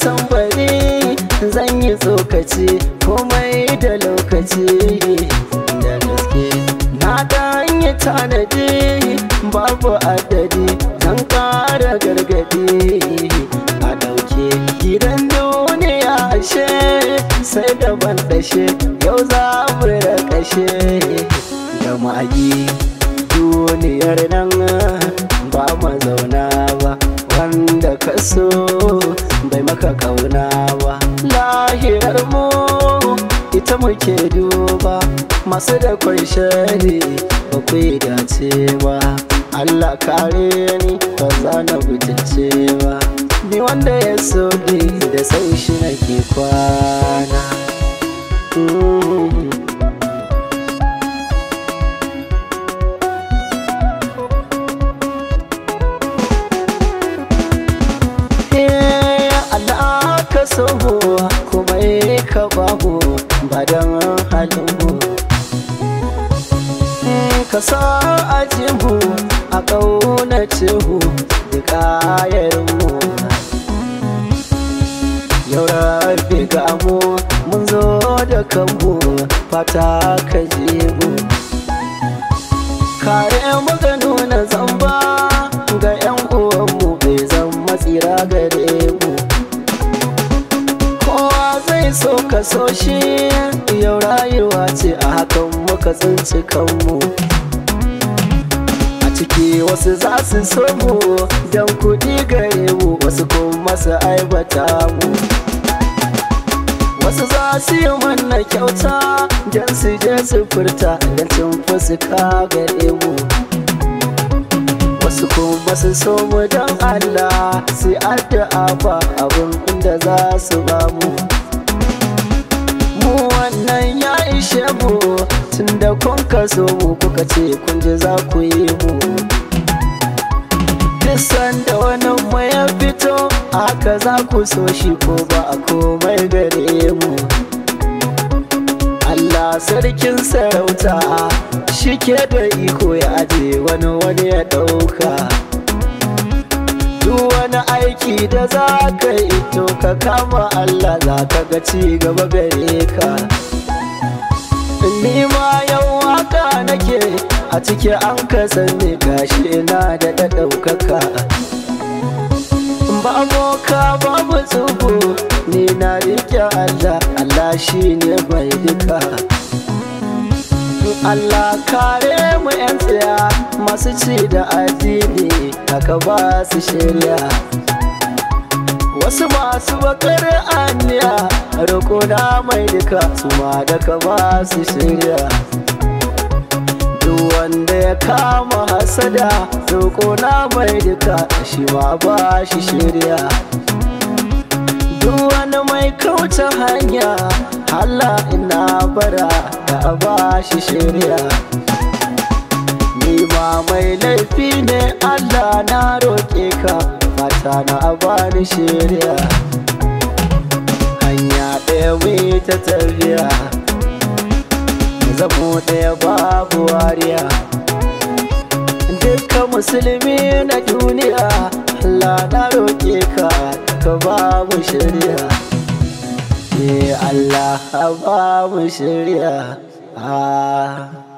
tambari zan yi tsokaci komai da lokaci da gaske na dan yi tanadi babu adadi zan kara gargadi a dauke gidan duniya ashe sai da ban dashe yau za mu rakashe da magi duniyar nan ba mazauna ba wanda ka so. bai maka kauna ba lahirar mu ita muke duba masu da kwai shari ba ku yi dace ba Allah kare ni ba za na ba ni wanda ya so da san shi nake kwana ba don halinmu ka sa ajinmu a ƙaunacinmu da ƙayarmu yau rabe ga mun zo da kanmu fata ka ji kare mu ga nuna zamba ga 'yan uwanmu bai zama tsira gare kasoshi ya yau rayuwa ce a hakan muka tsinci kanmu a ciki wasu za su so mu don kuɗi gare mu wasu kuma su aibata mu wasu za su yi mana kyauta don su je su furta don cin fuska gare mu wasu kuma su so mu don Allah su addu'a ba abin da za su ba mu bashe mu kun kaso mu kuka ce kun je za ku yi mu duk da wani mu ya fito haka za ku so shi ko ba a komai gare mu Allah sarkin sarauta shi ke da iko ya je wani wani ya ɗauka duk wani aiki da za ka yi to ka kama Allah za ka ga ci gaba gare ka nake a ciki an kasance ne gashi na da ɗaukaka ba aboka babu tsubu ni na rike Allah Allah shi ne mai duka Allah kare mu 'yan tsaya masu ci da addini haka ba su shirya wasu masu bakar aniya roko na mai duka su ma daga ba su shirya duk wanda ya kama hasada roƙo na mai duka shi ma ba shi shirya duk wani mai kauta hanya Allah ina bara da ba shi shirya ni ma mai laifi ne Allah na roƙe ka mata na bani shirya hanya ɗaya mai ta tafiya zamo ɗaya babu wariya dukkan musulmi na duniya Allah na roƙe ka ka ba mu shari'a eh, Allah ba mu shari'a ah.